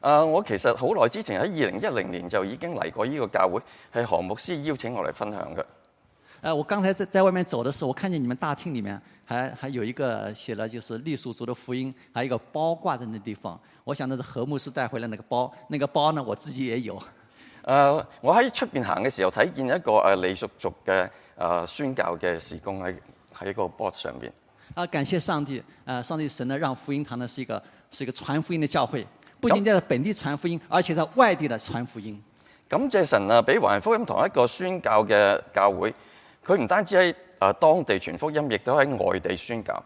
啊、呃！我其實好耐之前喺二零一零年就已經嚟過呢個教會，係何牧師邀請我嚟分享嘅。啊、呃！我剛才在在外面走嘅時候，我看見你們大廳裡面，還還有一個寫了就是傈僳族嘅福音，還一個包掛在那地方。我想呢，是何牧師帶回來那個包。那個包呢，我自己也有。啊、呃！我喺出邊行嘅時候睇見一個誒傈僳族嘅誒、呃、宣教嘅事工喺喺個 board 上面。啊、呃！感謝上帝，啊、呃！上帝神呢，讓福音堂呢是一個是一個傳福音嘅教會。不僅在本地傳福音，而且在外地呢傳福音。感謝神啊，俾華人福音堂一個宣教嘅教會，佢唔單止喺啊、呃、當地傳福音，亦都喺外地宣教。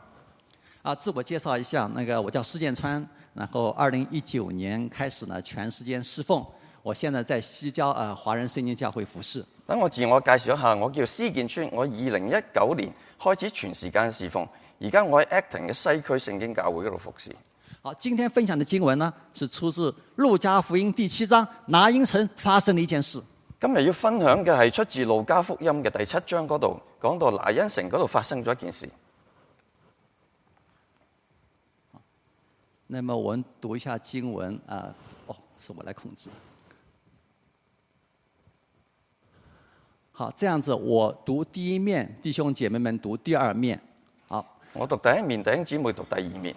啊，自我介紹一下，那個我叫施建川，然後二零一九年開始呢全時間侍奉，我現在在西郊啊、呃、華人聖經教會服侍。等我自我介紹一下，我叫施建川，我二零一九年開始全時間侍奉，而家我喺 Acton 嘅西區聖經教會嗰度服侍。好，今天分享的經文呢，是出自路加福音第七章拿因城發生的一件事。今日要分享嘅係出自路加福音嘅第七章嗰度，講到拿因城嗰度發生咗一件事。那麼我們讀一下經文啊、呃，哦，是我來控制。好，這樣子我讀第一面，弟兄姐妹們讀第二面。好，我讀第一面，弟兄姐妹讀第二面。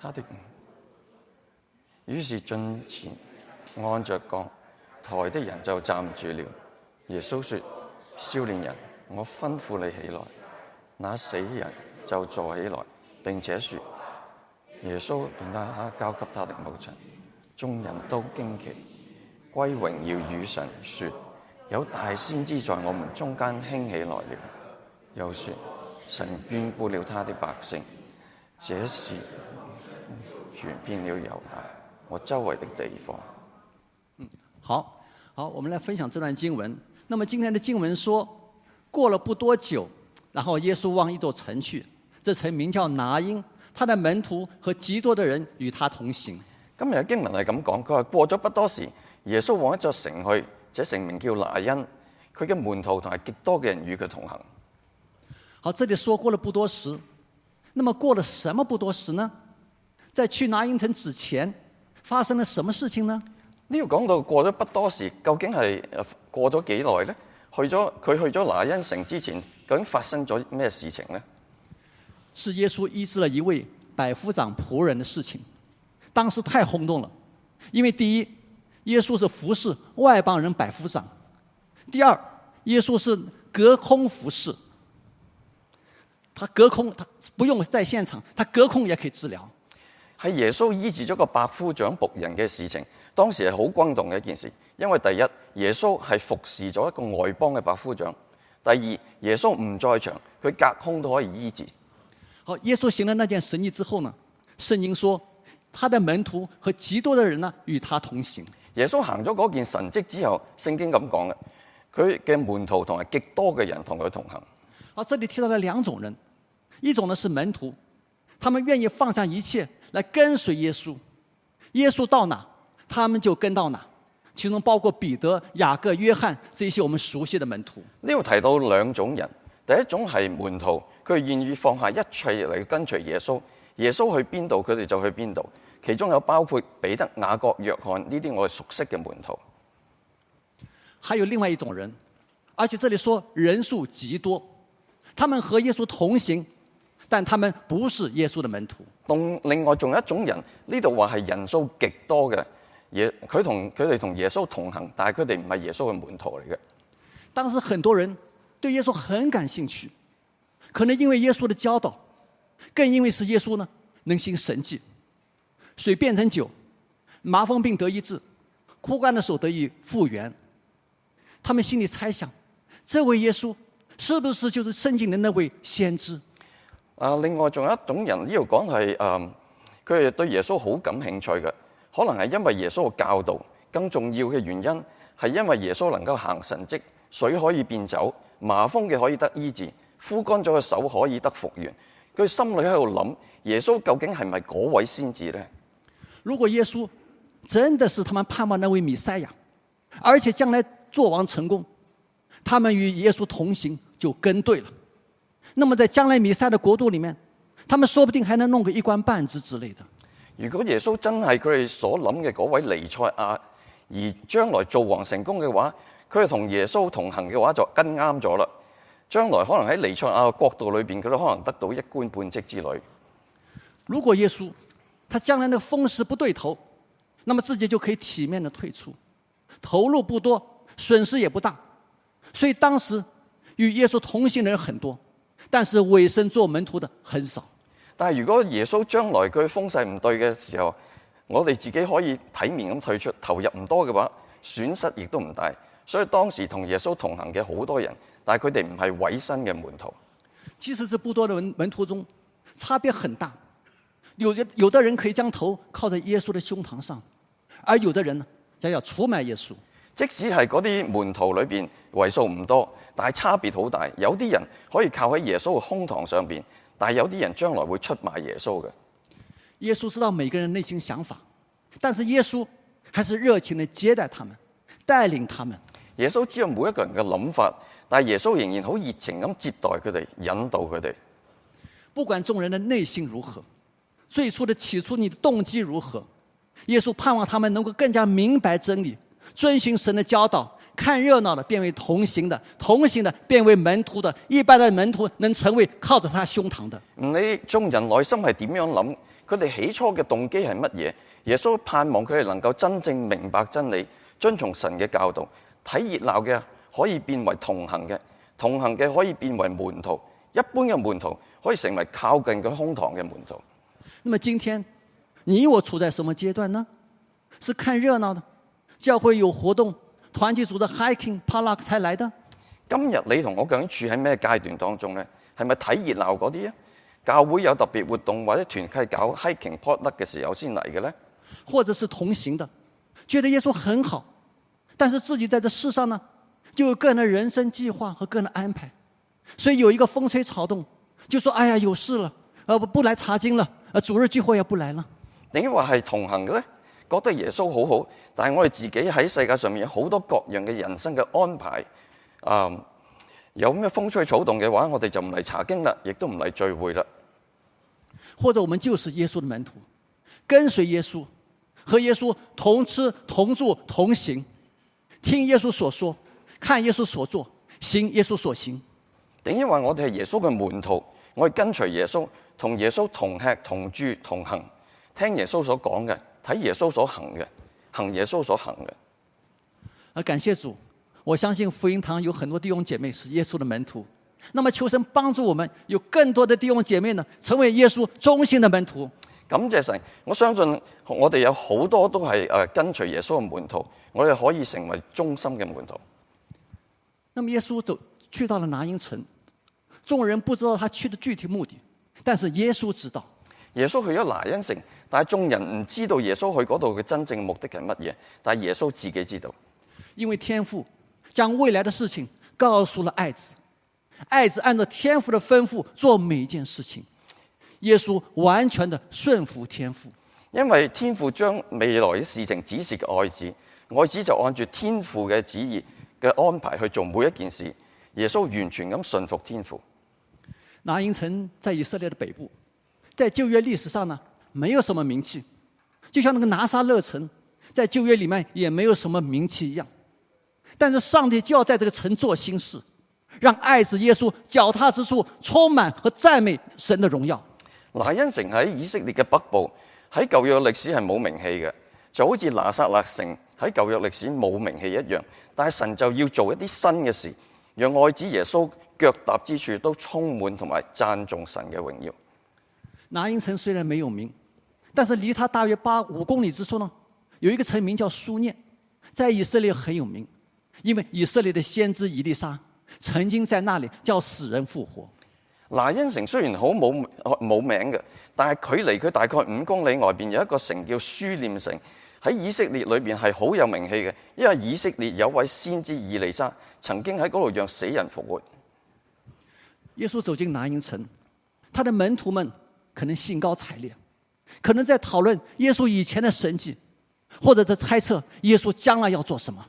他的，於是進前按着鋼台的人就站住了。耶穌說：少年人，我吩咐你起來。那死人就坐起來，並且說：耶穌便立刻交給他的母親。眾人都驚奇，歸榮耀與神，說：有大先知在我們中間興起來了。又說：神眷顧了他的百姓。這是。傳遍了猶大，我周圍的地方。嗯、好好，我們來分享這段經文。那麼今天的經文說，過了不多久，然後耶穌往一座城去，這城名叫拿因，他的門徒和極多的人與他同行。今日經文係咁講，佢話過咗不多時，耶穌往一座城去，這城名叫拿因，佢嘅門徒同埋極多嘅人與佢同行。好，這裏說過了不多時，那麼過了什麼不多時呢？在去拿因城之前，發生了什麼事情呢？呢、這個講到過咗不多時，究竟是呃過咗幾耐呢？去咗佢去咗拿因城之前，究竟發生咗咩事情呢？是耶穌醫治了一位百夫長僕人的事情。當時太轟動了，因為第一，耶穌是服侍外邦人百夫長；第二，耶穌是隔空服侍，他隔空他不用在現場，他隔空也可以治療。係耶穌醫治咗個百夫長僕人嘅事情，當時係好轟動嘅一件事。因為第一，耶穌係服侍咗一個外邦嘅百夫長；第二，耶穌唔在場，佢隔空都可以醫治。好，耶穌行咗那件神蹟之後呢，聖經說，他的門徒和極多的人呢，與他同行。耶穌行咗嗰件神蹟之後，聖經咁講嘅，佢嘅門徒同埋極多嘅人同佢同行。好，這裏提到的兩種人，一種呢是門徒，他們願意放下一切。來跟隨耶穌，耶穌到哪，他們就跟到哪，其中包括彼得、雅各、約翰這些我們熟悉的門徒。呢度提到兩種人，第一種係門徒，佢願意放下一切嚟跟隨耶穌，耶穌去邊度，佢哋就去邊度，其中有包括彼得、雅各、約翰呢啲我熟悉嘅門徒。還有另外一種人，而且這裏說人數極多，他們和耶穌同行。但他們不是耶穌的門徒。另另外，仲有一種人，呢度話係人數極多嘅，也佢同佢哋同耶穌同行，但係佢哋唔係耶穌嘅門徒嚟嘅。當時很多人對耶穌很感興趣，可能因為耶穌嘅教導，更因為是耶穌呢，能行神蹟，水變成酒，麻風病得醫治，枯乾的手得以復原。他們心裏猜想，這位耶穌是不是就是聖經的那位先知？啊！另外仲有一種人呢度講係，嗯，佢係對耶穌好感興趣嘅，可能係因為耶穌嘅教導更重要嘅原因，係因為耶穌能夠行神蹟，水可以變酒，麻風嘅可以得醫治，枯乾咗嘅手可以得復原。佢心裏喺度諗，耶穌究竟係咪嗰位先知咧？如果耶穌真的是他們盼望那位彌賽亞，而且將來做王成功，他們與耶穌同行就跟對了。那麼，在將來彌賽的國度裏面，他們說不定還能弄個一官半職之類的。如果耶穌真係佢哋所諗嘅嗰位尼賽亞，而將來做王成功嘅話，佢係同耶穌同行嘅話，就跟啱咗啦。將來可能喺尼賽亞嘅國度裏邊，佢都可能得到一官半職之類。如果耶穌他將來那個風勢不對頭，那麼自己就可以體面地退出，投入不多，損失也不大，所以當時與耶穌同行嘅人很多。但是委身做門徒的很少。但係如果耶穌將來佢風勢唔對嘅時候，我哋自己可以體面咁退出，投入唔多嘅話，損失亦都唔大。所以當時同耶穌同行嘅好多人，但係佢哋唔係委身嘅門徒。其實是不多的門徒中，差別很大。有啲有的人可以將頭靠在耶穌的胸膛上，而有的人呢，就要出賣耶穌。即使係嗰啲門徒裏邊為數唔多，但係差別好大。有啲人可以靠喺耶穌嘅胸膛上邊，但係有啲人將來會出賣耶穌嘅。耶穌知道每個人的內心想法，但是耶穌還是熱情地接待他們，帶領他們。耶穌知道每一個人嘅諗法，但係耶穌仍然好熱情咁接待佢哋，引導佢哋。不管眾人的內心如何，最初的起初，你的動機如何，耶穌盼望他們能夠更加明白真理。遵循神的教導，看熱鬧的變為同行的，同行的變為門徒的，一般的門徒能成為靠着他胸膛的。你眾人內心係點樣諗？佢哋起初嘅動機係乜嘢？耶穌盼望佢哋能夠真正明白真理，遵從神嘅教導。睇熱鬧嘅可以變為同行嘅，同行嘅可以變為門徒，一般嘅門徒可以成為靠近佢胸膛嘅門徒。那麼今天，你我處在什麼階段呢？是看熱鬧的？教會有活動，團結組的 hiking、parlock 才來的。今日你同我究竟處喺咩階段當中呢？係咪睇熱鬧嗰啲啊？教會有特別活動或者團契搞 hiking、parlock 嘅時候先嚟嘅咧？或者是同行嘅，覺得耶穌很好，但是自己在這世上呢，就有個人的人生計劃和個人嘅安排，所以有一個風吹草動，就說哎呀有事了，而不不來查經了，而主日聚會也不來了。點話係同行嘅咧？覺得耶穌好好，但係我哋自己喺世界上面有好多各樣嘅人生嘅安排，啊、嗯，有咩風吹草動嘅話，我哋就唔嚟查經啦，亦都唔嚟聚會啦。或者我們就是耶穌嘅門徒，跟隨耶穌，和耶穌同吃同住同行，聽耶穌所說，看耶穌所做，行耶穌所行。定因為我哋係耶穌嘅門徒，我哋跟隨耶穌，同耶穌同吃同住同行，聽耶穌所講嘅。睇耶穌所行嘅，行耶穌所行嘅。啊，感謝主！我相信福音堂有很多弟兄姐妹是耶穌的門徒。那麼求神幫助我們，有更多的弟兄姐妹呢，成為耶穌忠心的門徒。感謝神！我相信我哋有好多都係跟隨耶穌嘅門徒，我哋可以成為忠心嘅門徒。那麼耶穌走去到了拿因城，眾人不知道他去的具體目的，但是耶穌知道。耶穌去咗拿因城，但係眾人唔知道耶穌去嗰度嘅真正目的係乜嘢，但係耶穌自己知道，因為天父將未來嘅事情告訴了愛子，愛子按照天父嘅吩咐做每一件事情，耶穌完全的順服天父，因為天父將未來嘅事情指示愛子，愛子就按照天父嘅旨意嘅安排去做每一件事，耶穌完全咁信服天父。拿因城在以色列嘅北部。在舊約歷史上呢，沒有什麼名氣，就像那個拿撒勒城，在舊約裏面也沒有什麼名氣一樣。但是上帝就要在這個城做新事，讓愛子耶穌腳踏之處充滿和讚美神的榮耀。拿因城喺以色列嘅北部，喺舊約的歷史係冇名氣嘅，就好似拿撒勒城喺舊約歷史冇名氣一樣。但係神就要做一啲新嘅事，讓愛子耶穌腳踏之處都充滿同埋讚頌神嘅榮耀。拿因城雖然沒有名，但是離它大約八五公里之處呢，有一個城名叫書念，在以色列很有名，因為以色列的先知以利沙曾經在那裏叫死人復活。拿因城雖然好冇冇名嘅，但係距離佢大概五公里外邊有一個城叫書念城，喺以色列裏邊係好有名氣嘅，因為以色列有位先知以利沙曾經喺嗰度讓死人復活。耶穌走進拿因城，他的門徒們。可能興高采烈，可能在討論耶穌以前的神蹟，或者在猜測耶穌將來要做什麼。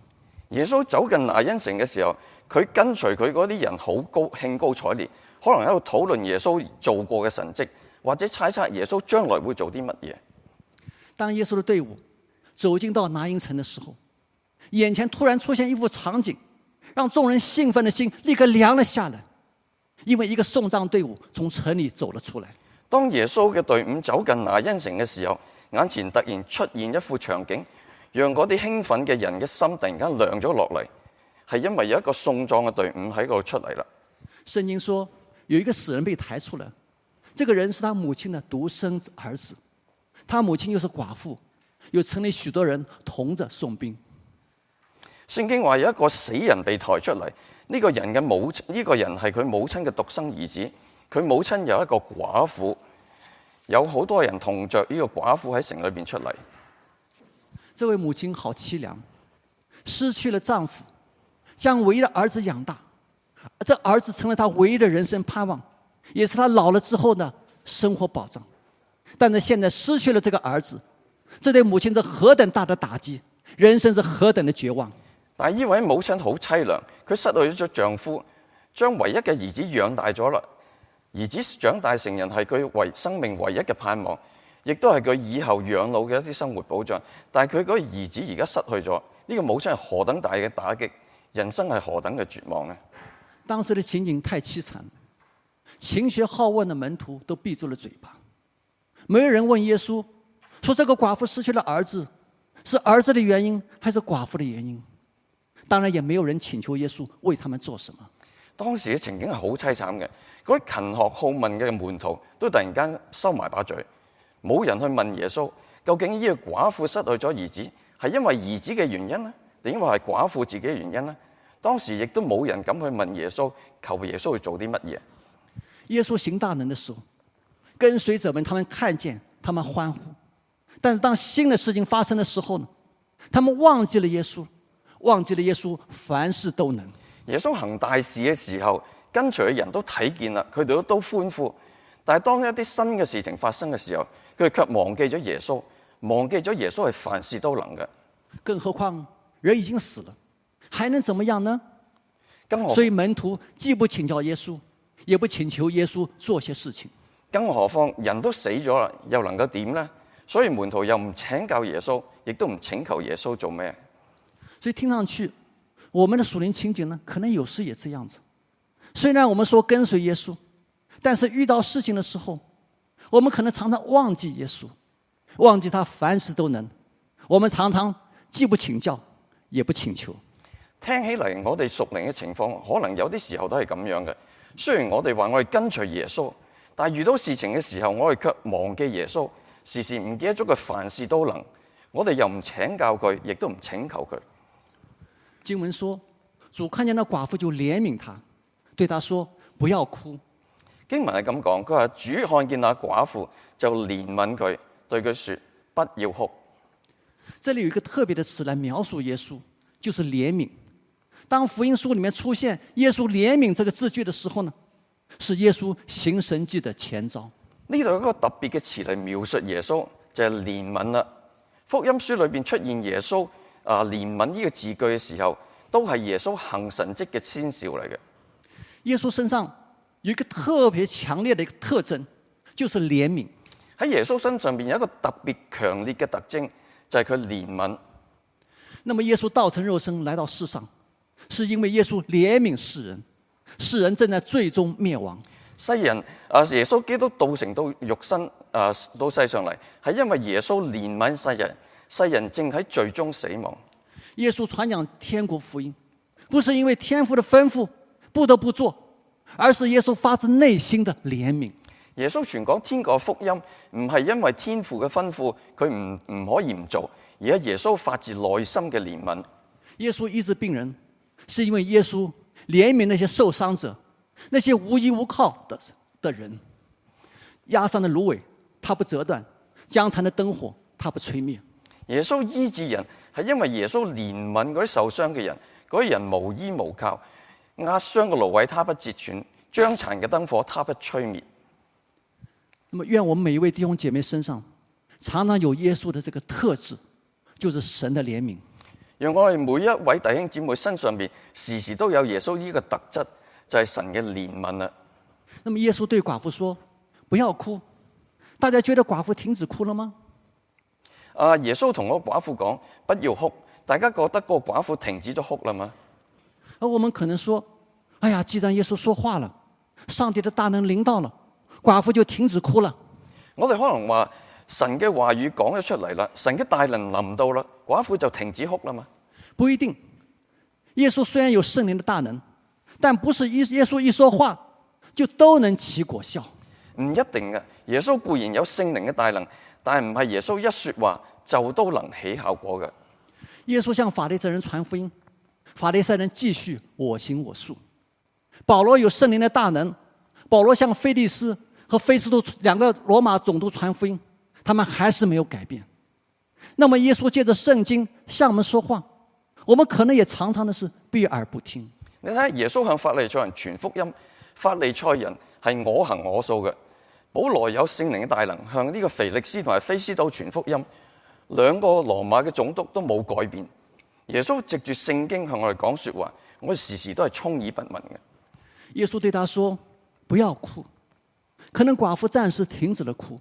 耶穌走進拿因城的時候，佢跟隨佢嗰啲人好高興高采烈，可能喺度討論耶穌做過嘅神蹟，或者猜測耶穌將來會做啲乜嘢。當耶穌的隊伍走進到拿因城的時候，眼前突然出現一幅場景，讓眾人興奮的心立刻涼了下來，因為一個送葬隊伍從城裏走了出來。當耶穌嘅隊伍走近拿因城嘅時候，眼前突然出現一幅場景，讓嗰啲興奮嘅人嘅心突然間涼咗落嚟，係因為有一個送葬嘅隊伍喺度出嚟啦。聖經說，有一個死人被抬出嚟，這個人是他母親嘅獨生兒子，他母親又是寡婦，有城裏許多人同着送殯。聖經話有一個死人被抬出嚟，呢、這個人嘅母，呢、這個人係佢母親嘅獨生兒子。佢母親有一個寡婦，有好多人同着呢個寡婦喺城裏邊出嚟。這位母親好淒涼，失去了丈夫，將唯一的兒子養大，這兒子成了她唯一的人生盼望，也是她老了之後呢生活保障。但是現在失去了這個兒子，這對母親是何等大的打擊，人生是何等的絕望。但係呢位母親好淒涼，佢失去咗丈夫，將唯一嘅兒子養大咗啦。兒子長大成人係佢為生命唯一嘅盼望，亦都係佢以後養老嘅一啲生活保障。但係佢嗰個兒子而家失去咗，呢、這個母親係何等大嘅打擊，人生係何等嘅絕望呢？當時的情景太淒慘了，勤學好問嘅門徒都閉住了嘴巴，沒有人問耶穌，說這個寡婦失去了兒子，是兒子的原因還是寡婦的原因？當然，也沒有人請求耶穌為他們做什麼。當時嘅情景係好淒慘嘅。嗰啲勤學好問嘅門徒都突然間收埋把嘴，冇人去問耶穌究竟呢個寡婦失去咗兒子係因為兒子嘅原因呢？定因為係寡婦自己嘅原因呢？當時亦都冇人敢去問耶穌，求耶穌去做啲乜嘢。耶穌行大能嘅時候，跟隨者們，他們看見，他們歡呼。但是當新嘅事情發生嘅時候呢，他們忘記了耶穌，忘記了耶穌凡事都能。耶穌行大事嘅時候，跟隨嘅人都睇見啦，佢哋都歡呼。但係當一啲新嘅事情發生嘅時候，佢哋卻忘記咗耶穌，忘記咗耶穌係凡事都能嘅。更何況人已經死了，還能怎麼樣呢？咁所以門徒既不請教耶穌，也不請求耶穌做些事情。更何況人都死咗啦，又能夠點呢？所以門徒又唔請教耶穌，亦都唔請求耶穌做咩？所以聽上去，我們的屬靈情景呢，可能有時也這樣子。雖然我們說跟隨耶穌，但是遇到事情的時候，我們可能常常忘記耶穌，忘記他凡事都能。我們常常既不請教，也不請求。聽起嚟，我哋屬靈嘅情況，可能有啲時候都係咁樣嘅。雖然我哋話我哋跟隨耶穌，但遇到事情嘅時候，我哋卻忘記耶穌，時時唔記得咗佢凡事都能。我哋又唔請教佢，亦都唔請求佢。經文說，主看見那寡婦就憐憫她。對他說不要哭，經文係咁講，佢話主看見那寡婦就憐憫佢，對佢說不要哭。這裏有一個特別嘅詞來描述耶穌，就是憐憫。當福音書裏面出現耶穌憐憫這個字句嘅時候呢，是耶穌行神跡嘅前兆。呢度有一個特別嘅詞嚟描述耶穌就係、是、憐憫啦。福音書裏邊出現耶穌啊憐憫呢個字句嘅時候，都係耶穌行神跡嘅先兆嚟嘅。耶穌身上有一個特別強烈的一個特徵，就是憐憫。喺耶穌身上邊有一個特別強烈嘅特徵，就係佢憐憫。那麼耶穌道成肉身來到世上，是因為耶穌憐憫世人，世人正在最終滅亡。世人啊，耶穌基督道成到肉身啊，到世上嚟，係因為耶穌憐憫世人，世人正喺最終死亡。耶穌傳講天國福音，不是因為天父的吩咐。不得不做，而是耶穌發自內心的憐憫。耶穌傳講天國福音，唔係因為天父嘅吩咐，佢唔唔可以唔做。而係耶穌發自內心嘅憐憫，耶穌醫治病人，是因為耶穌憐憫那些受傷者，那些無依無靠的的人。壓傷的蘆葦，他不折斷；將殘的燈火，他不吹滅。耶穌醫治人，係因為耶穌憐憫嗰啲受傷嘅人，嗰啲人無依無靠。壓傷嘅蘆葦他不截，它不折斷；將殘嘅燈火，它不吹滅。那麼願我們每一位弟兄姐妹身上，常常有耶穌的這個特質，就是神的憐憫。讓我哋每一位弟兄姊妹身上面，時時都有耶穌呢個特質，就係、是、神嘅憐憫啦。那麼耶穌對寡婦說：不要哭。大家覺得寡婦停止哭了嗎？啊！耶穌同個寡婦講：不要哭。大家覺得個寡婦停止咗哭啦嗎？而我們可能說：“哎呀，既然耶穌說話了，上帝的大能臨到了，寡婦就停止哭了。”我哋可能話神嘅話語講咗出嚟啦，神嘅大能臨到啦，寡婦就停止哭了嘛？不一定。耶穌雖然有聖靈的大能，但不是耶穌一說話就都能起果效。唔一定嘅，耶穌固然有聖靈嘅大能，但係唔係耶穌一說話就都能起效果嘅。耶穌向法利賽人傳福音。法利賽人繼續我行我素，保羅有聖靈的大能，保羅向腓力斯和菲斯都兩個羅馬總督傳福音，他們還是沒有改變。那麼耶穌借着聖經向我們說話，我們可能也常常的是避而不聽。你睇耶穌向法利賽人傳福音，法利賽人係我行我素嘅，保羅有聖靈嘅大能向呢個腓力斯同埋菲斯都傳福音，兩個羅馬嘅總督都冇改變。耶穌藉住聖經向我哋講說話，我時時都係充耳不聞嘅。耶穌對他說：不要哭。可能寡婦暫時停止咗哭，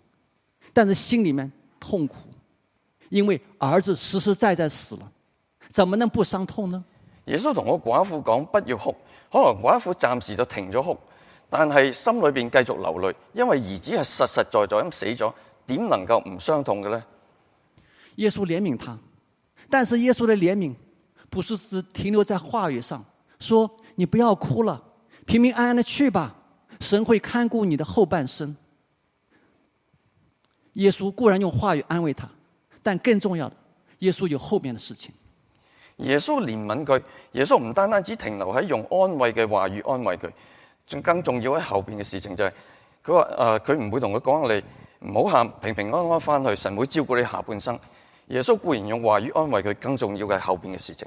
但是心裏面痛苦，因為兒子實實在在死了，怎麼能不傷痛呢？耶穌同個寡婦講：不要哭。可能寡婦暫時就停咗哭，但係心裏邊繼續流淚，因為兒子係實實在在咁死咗，點能夠唔傷痛嘅咧？耶穌憐憫他，但是耶穌嘅憐憫。不是只停留在話語上，說你不要哭了，平平安安的去吧，神會看顧你的後半生。耶穌固然用話語安慰他，但更重要的，耶穌有後面的事情。耶穌憐憫佢，耶穌唔單單只停留喺用安慰嘅話語安慰佢，仲更重要喺後邊嘅事情就係佢話誒，佢唔會同佢講你唔好喊，平平安安翻去，神會照顧你下半生。耶穌固然用話語安慰佢，更重要嘅係後邊嘅事情。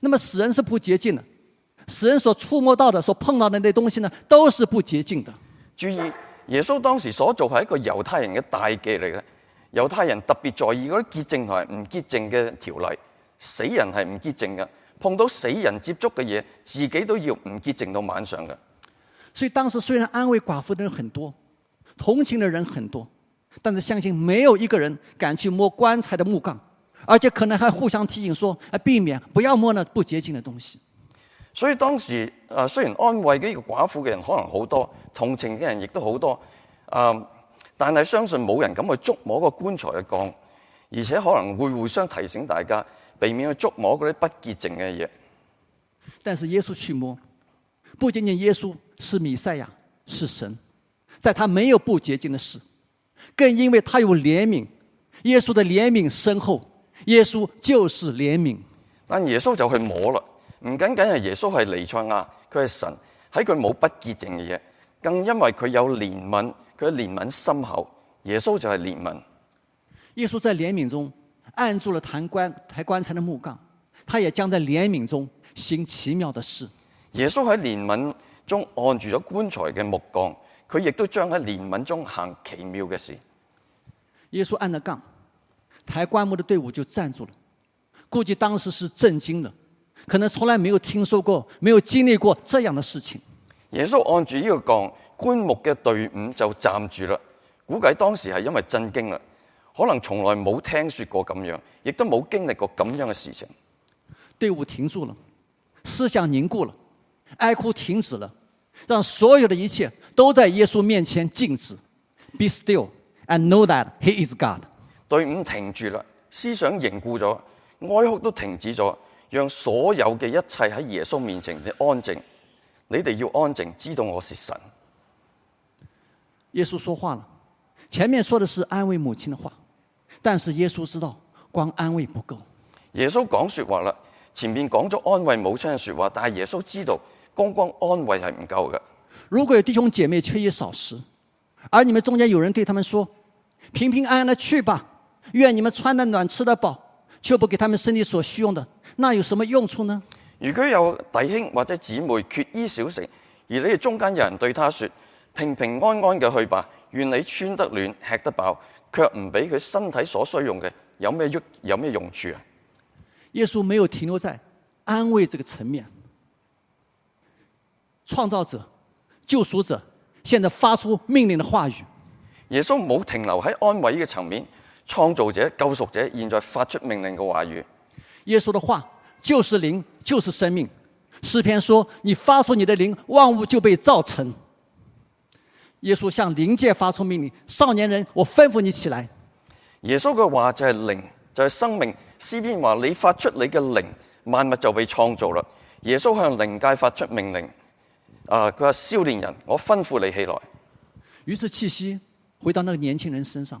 那麼死人是不潔淨的，死人所觸摸到的、所碰到的那些東西呢，都是不潔淨的。注意，耶穌當時所做係一個猶太人嘅大忌嚟嘅，猶太人特別在意嗰啲潔淨同埋唔潔淨嘅條例。死人係唔潔淨嘅，碰到死人接觸嘅嘢，自己都要唔潔淨到晚上嘅。所以當時雖然安慰寡婦的人很多，同情的人很多，但是相信沒有一個人敢去摸棺材的木槓。而且可能還互相提醒說，說避免不要摸那不潔淨的東西。所以當時，誒、呃、雖然安慰呢個寡婦嘅人可能好多，同情嘅人亦都好多，啊、呃，但係相信冇人敢去觸摸個棺材嘅槓，而且可能會互相提醒大家避免去觸摸嗰啲不潔淨嘅嘢。但是耶穌去摸，不僅僅耶穌是彌賽亞，是神，在他沒有不潔淨的事，更因為他有憐憫。耶穌的憐憫深厚。耶穌就是憐憫，但耶穌就去摸啦，唔僅僅係耶穌係彌賽亞，佢係神，喺佢冇不潔淨嘅嘢，更因為佢有憐憫，佢嘅憐憫深厚，耶穌就係憐憫，耶穌憐憫，憐憫。耶穌在憐憫中按住了抬棺抬棺材嘅木槓，他也將在憐憫中行奇妙嘅事。耶穌喺憐憫中按住咗棺材嘅木槓，佢亦都將喺憐憫中行奇妙嘅事。耶穌按咗槓。抬棺木的隊伍就站住了，估計當時是震驚了，可能從來沒有聽說過，沒有經歷過這樣的事情。耶穌按住呢個槓，棺木嘅隊伍就站住了。估計當時係因為震驚啦，可能從來冇聽說過咁樣，亦都冇經歷過咁樣嘅事情。隊伍停住了，思想凝固了，哀哭停止了，讓所有的一切都在耶穌面前靜止。Be still and know that He is God. 隊伍停住了，思想凝固咗，哀哭都停止咗，讓所有嘅一切喺耶穌面前嘅安靜。你哋要安靜，知道我是神。耶穌說話了，前面說的是安慰母親的話，但是耶穌知道光安慰不夠。耶穌講說話了，前面講咗安慰母親嘅說話，但係耶穌知道光光安慰係唔夠嘅。如果有弟兄姐妹缺衣少食，而你們中間有人對他們說：平平安安地去吧。願你們穿得暖，吃得飽，卻不給他們身體所需用的，那有什麼用處呢？如果有弟兄或者姊妹缺衣少食，而你哋中間有人對他說：“平平安安嘅去吧，願你穿得暖，吃得飽，卻唔俾佢身體所需用嘅，有咩用？有咩用處啊？”耶穌沒有停留在安慰這個層面，創造者、救贖者現在發出命令的話語。耶穌冇停留喺安慰嘅層面。創造者、救贖者，現在發出命令嘅話語。耶穌的話就是靈，就是生命。詩篇說：你發出你的靈，萬物就被造成。耶穌向靈界發出命令：少年人，我吩咐你起來。耶穌嘅話就係靈，就係、是、生命。詩篇話：你發出你嘅靈，萬物就被創造了。」耶穌向靈界發出命令：啊，佢話少年人，我吩咐你起來。於是氣息回到那個年輕人身上。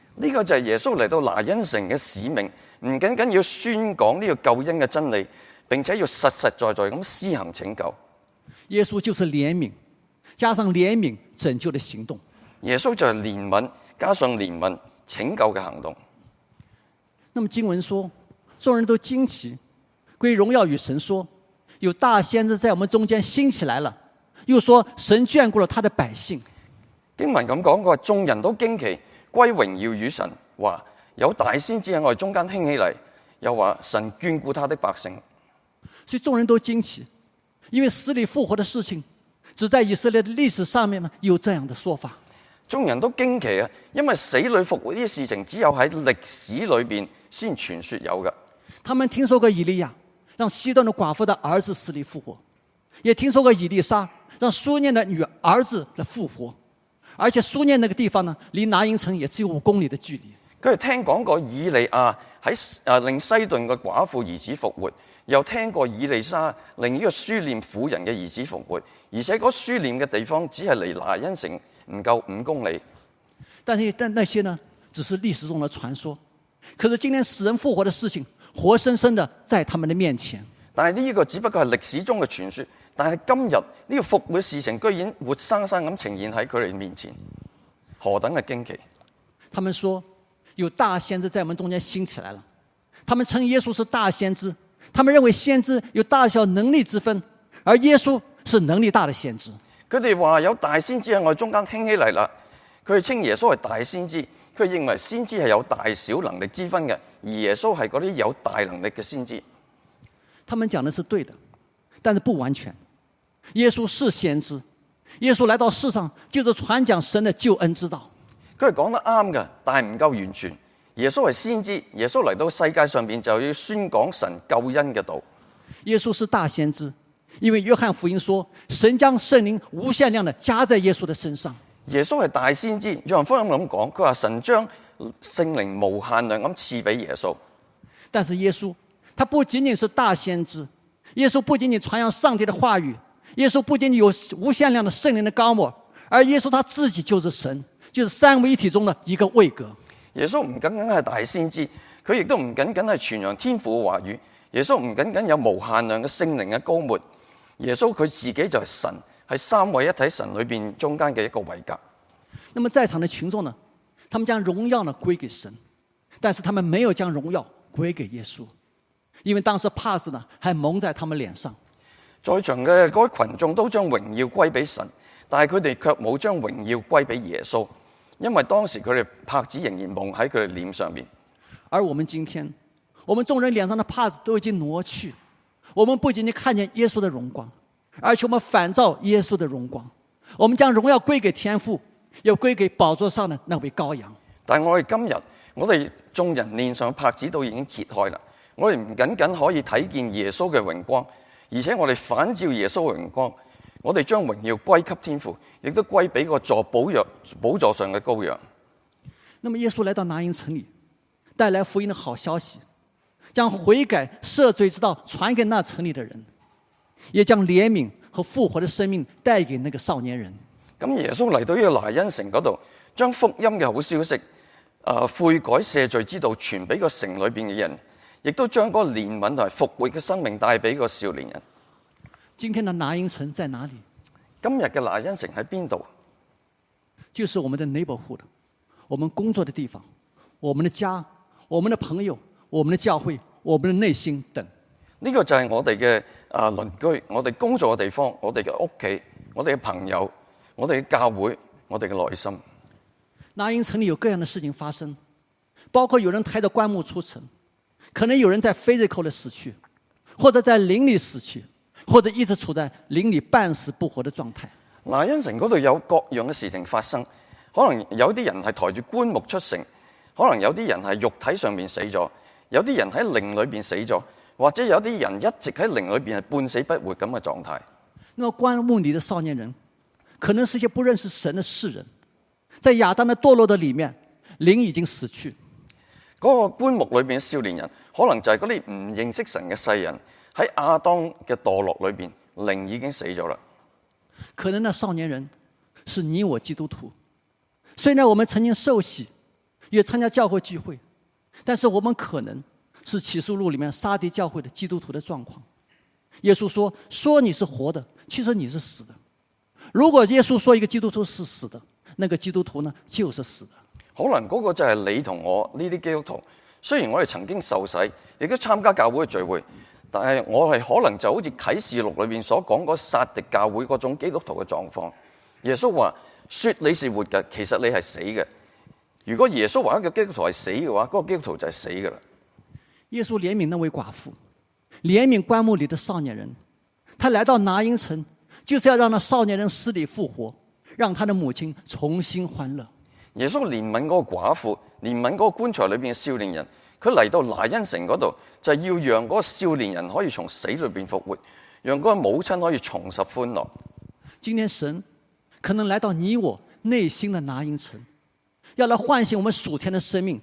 呢、這個就係耶穌嚟到拿因城嘅使命，唔僅僅要宣講呢個救恩嘅真理，並且要實實在在咁施行拯救。耶穌就是憐憫，加上憐憫拯救嘅行動。耶穌就係憐憫，加上憐憫拯救嘅行動。那麼經文說，眾人都驚奇，歸榮耀與神說。說有大先知在我們中間興起來了，又說神眷顧了他的百姓。經文咁講過，眾人都驚奇。歸榮耀於神，話有大先知喺我哋中間興起嚟，又話神眷顧他的百姓，所以眾人都驚奇，因為死裏復活的事情，只在以色列的歷史上面嘛有這樣的說法。眾人都驚奇啊，因為死裏復活呢啲事情，只有喺歷史裏邊先傳說有嘅。他們聽說過以利亞讓西頓的寡婦的兒子死裏復活，也聽說過以利沙讓蘇念的女兒子來復活。而且書念那個地方呢，離拿因城也只有五公里的距離。佢係聽講過以利亞喺啊令西頓嘅寡婦兒子復活，又聽過以利沙，令呢個書念婦人嘅兒子復活，而且嗰書念嘅地方只係離拿因城唔夠五公里。但係但那些呢，只是歷史中嘅傳說。可是今天死人復活嘅事情，活生生嘅在他們的面前。但呢一個只不過係歷史中嘅傳說。但係今日呢，這個復活的事情，居然活生生咁呈現喺佢哋面前，何等嘅驚奇！他們說有大先知在我們中間興起來了，他們稱耶穌是大先知，他們認為先知有大小能力之分，而耶穌是能力大的先知。佢哋話有大先知喺我哋中間興起嚟啦，佢哋稱耶穌為大先知，佢認為先知係有大小能力之分嘅，而耶穌係嗰啲有大能力嘅先知。他們講的是對的。但是不完全，耶穌是先知，耶穌來到世上就是傳講神的救恩之道。佢係講得啱㗎，但係唔夠完全。耶穌係先知，耶穌嚟到世界上邊就要宣講神救恩嘅道。耶穌是大先知，因為約翰福音說，神將聖靈無限量地加在耶穌的身上。耶穌係大先知，約翰福音咁講，佢話神將聖靈無限量咁賜俾耶穌。但是耶穌，他不僅僅是大先知。耶穌不僅僅傳揚上帝的話語，耶穌不僅僅有無限量的聖靈的膏抹，而耶穌他自己就是神，就是三位一體中的一個位格。耶穌唔僅僅係大先知，佢亦都唔僅僅係傳揚天父嘅話語。耶穌唔僅僅有無限量嘅聖靈嘅膏抹，耶穌佢自己就係神，係三位一體神裏面中間嘅一個位格。那麼在場的群眾呢，他們將榮耀呢歸給神，但是他們沒有將榮耀歸給耶穌。因為當時帕子呢，還蒙在他們臉上。在場嘅各位群眾都將榮耀歸俾神，但係佢哋卻冇將榮耀歸俾耶穌，因為當時佢哋帕子仍然蒙喺佢哋臉上面。而我們今天，我們眾人臉上的帕子都已經挪去，我們不僅僅看見耶穌的榮光，而且我們反照耶穌的榮光。我們將榮耀歸給天父，又歸給寶座上的那位羔羊。但係我哋今日，我哋眾人面上嘅帕子都已經揭開啦。我哋唔僅僅可以睇見耶穌嘅榮光，而且我哋反照耶穌嘅榮光。我哋將榮耀歸給天父，亦都歸俾個坐寶座、寶座上嘅羔羊。那麼耶穌來到拿因城裡，帶來福音嘅好消息，將悔改赦罪之道傳給那城裡的人，也將憐憫和復活的生命帶給那個少年人。咁耶穌嚟到呢個拿因城嗰度，將福音嘅好消息，誒、呃、悔改赦罪之道傳俾個城裡邊嘅人。亦都將嗰個憐憫同埋復活嘅生命帶俾個少年人。今天的拿因城在哪裡？今日嘅拿因城喺邊度？就是我們的 neighborhood，我們工作的地方，我們的家，我們的朋友，我們的教會，我們的內心等。呢、這個就係我哋嘅啊鄰居，我哋工作嘅地方，我哋嘅屋企，我哋嘅朋友，我哋嘅教會，我哋嘅內心。拿因城裏有各樣嘅事情發生，包括有人抬著棺木出城。可能有人在 physically 死去，或者在靈裏死去，或者一直處在靈裏半死不活的狀態。那因城嗰度有各樣嘅事情發生，可能有啲人係抬住棺木出城，可能有啲人係肉體上面死咗，有啲人喺靈裏邊死咗，或者有啲人一直喺靈裏邊係半死不活咁嘅狀態。那棺木裏的少年人，可能是一些不認識神的世人，在亞當的墮落的裏面，靈已經死去。那個棺木裏邊少年人。可能就係嗰啲唔認識神嘅世人喺亞當嘅墮落裏邊靈已經死咗啦。可能那少年人是你我基督徒，雖然我們曾經受洗，也參加教會聚會，但是我們可能是啟示錄裏面撒狄教會的基督徒的狀況。耶穌說：說你是活的，其實你是死的。如果耶穌說一個基督徒是死的，那個基督徒呢就是死的。可能嗰個就係你同我呢啲基督徒。雖然我哋曾經受洗，亦都參加教會嘅聚會，但係我哋可能就好似啟示錄裏面所講嗰撒狄教會嗰種基督徒嘅狀況。耶穌話：説你是活嘅，其實你係死嘅。如果耶穌話一個基督徒係死嘅話，嗰、那個基督徒就係死嘅啦。耶穌憐憫那位寡婦，憐憫棺木裏嘅少年人，他來到拿因城，就是要讓那少年人死裡復活，讓他的母親重新歡樂。耶穌憐憫嗰個寡婦，憐憫嗰個棺材裏面嘅少年人，佢嚟到拿因城嗰度，就係、是、要讓嗰個少年人可以從死裏邊復活，讓嗰個母親可以重拾歡樂。今天神可能來到你我內心的拿因城，要來喚醒我們屬天的生命，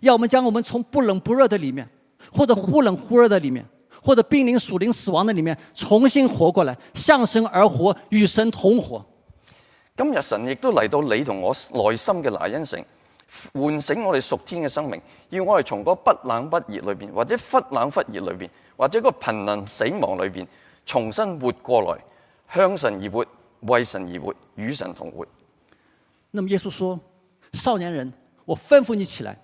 要我們將我們從不冷不熱的裏面，或者忽冷忽熱的裏面，或者瀕臨屬靈死亡的裏面，重新活過來，向神而活，與神同活。今日神亦都嚟到你同我內心嘅拿因城，喚醒我哋屬天嘅生命，要我哋從嗰不冷不熱裏邊，或者忽冷忽熱裏邊，或者個瀕臨死亡裏邊，重新活過來，向神而活，為神而活，與神同活。那麼耶穌說：少年人，我吩咐你起來。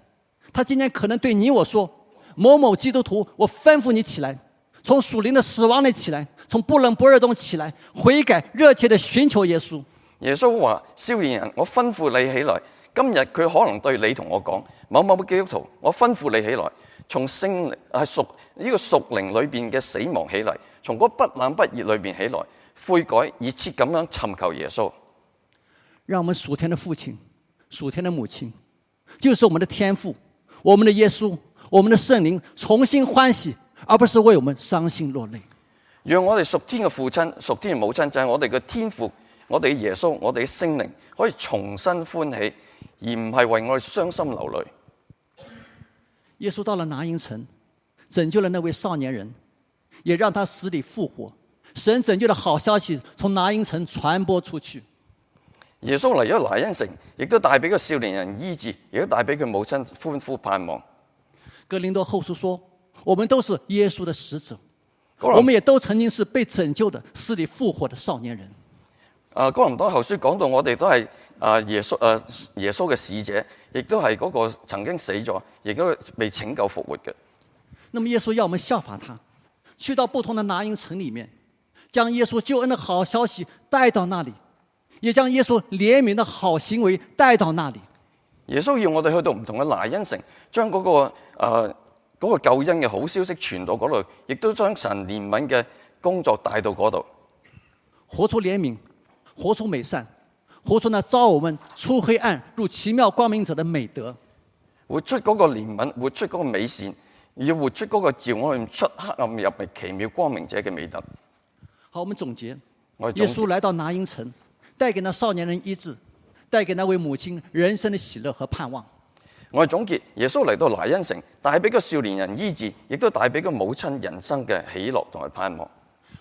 他今天可能對你我說：某某基督徒，我吩咐你起來，從屬靈的死亡裏起來，從不冷不熱中起來，悔改熱切地尋求耶穌。耶穌話：少年人，我吩咐你起來。今日佢可能對你同我講，某某基督徒，我吩咐你起來，從聖靈係屬呢個屬靈裏邊嘅死亡起來，從嗰不冷不熱裏邊起來，悔改熱切咁樣尋求耶穌。讓我們屬天的父親、屬天的母親，就是我們的天父、我們的耶穌、我們的聖靈，重新歡喜，而不是為我們傷心落淚。讓我哋屬天嘅父親、屬天嘅母親，就係我哋嘅天父。我哋耶穌，我哋嘅心靈可以重新歡喜，而唔係為我哋傷心流淚。耶穌到了拿因城，拯救了那位少年人，也讓他死裏復活。神拯救的好消息從拿因城傳播出去。耶穌嚟咗拿因城，亦都帶俾個少年人醫治，亦都帶俾佢母親歡呼盼望。格林多後書說：我們都是耶穌的使者，我們也都曾經是被拯救的死裏復活的少年人。啊、呃，哥林多後書講到我，我哋都係啊，耶穌啊、呃，耶穌嘅使者，亦都係嗰個曾經死咗，亦都被拯救復活嘅。那麼耶穌要我們效法他，去到不同的拿因城裡面，將耶穌救恩的好消息帶到那裡，也將耶穌憐憫的好行為帶到那裡。耶穌要我哋去到唔同嘅拿因城，將嗰、那個啊、呃那個救恩嘅好消息傳到嗰度，亦都將神憐憫嘅工作帶到嗰度，活出憐憫。活出美善，活出那召我們出黑暗入奇妙光明者的美德。活出嗰個憐憫，活出嗰個美善，要活出嗰個召我們出黑暗入奇妙光明者嘅美德。好，我，我們總結。耶穌來到拿因城，帶給那少年人醫治，帶給那位母親人生的喜樂和盼望。我們總結，耶穌嚟到拿因城，帶俾個少年人醫治，亦都帶俾個母親人生嘅喜樂同埋盼望。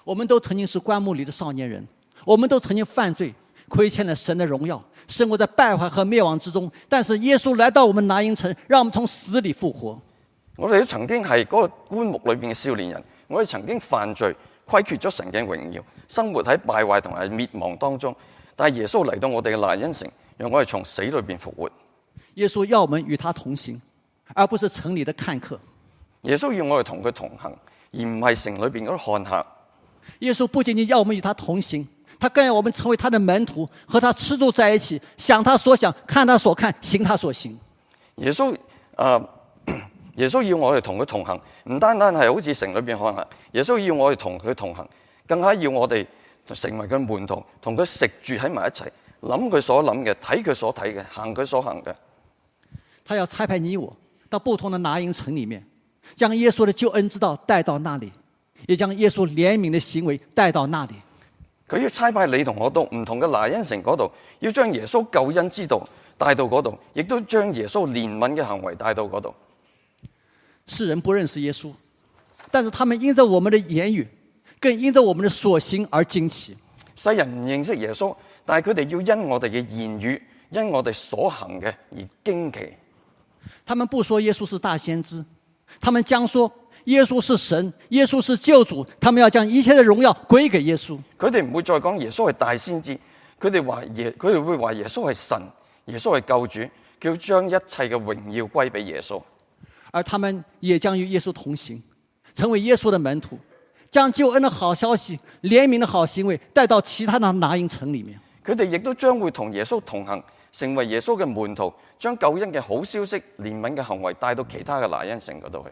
我們都曾經是棺木裏的少年人。我們都曾經犯罪，虧欠了神的榮耀，生活在敗壞和滅亡之中。但是耶穌來到我們拿因城，讓我們從死裏復活。我哋都曾經係嗰個棺木裏面嘅少年人，我哋曾經犯罪，虧缺咗神嘅榮耀，生活喺敗壞同埋滅亡當中。但耶穌嚟到我哋嘅拿因城，讓我哋從死裏邊復活。耶穌要我們與他同行，而不是城裏的看客。耶穌要我哋同佢同行，而唔係城裏邊嗰啲看客。耶穌不僅僅要我們與他同行。他更要我們成為他的門徒，和他吃住在一起，想他所想，看他所看，行他所行。耶穌啊、呃，耶穌要我哋同佢同行，唔單單係好似城裏邊看能，耶穌要我哋同佢同行，更加要我哋成為佢門徒，同佢食住喺埋一齊，諗佢所諗嘅，睇佢所睇嘅，行佢所行嘅。他要差派你我到不同的拿因城裏面，將耶穌的救恩之道帶到那裏，也將耶穌憐憫的行為帶到那裏。佢要差派你和我同我到唔同嘅拿因城嗰度，要將耶穌救恩之道帶到嗰度，亦都將耶穌憐憫嘅行為帶到嗰度。世人不認識耶穌，但是他們因着我們的言語，更因着我們的所行而驚奇。世人唔認識耶穌，但係佢哋要因我哋嘅言語，因我哋所行嘅而驚奇。他們不說耶穌是大先知，他們將說。耶穌是神，耶穌是救主，他們要將一切的榮耀歸給耶穌。佢哋唔會再講耶穌係大先知，佢哋話耶，佢哋會話耶穌係神，耶穌係救主，叫將一切嘅榮耀歸俾耶穌。而他們也將與耶穌同行，成為耶穌的門徒，將救恩的好消息、憐憫的好行為帶到其他嘅拿因城裏面。佢哋亦都將會同耶穌同行，成為耶穌嘅門徒，將救恩嘅好消息、憐憫嘅行為帶到其他嘅拿因城嗰度去。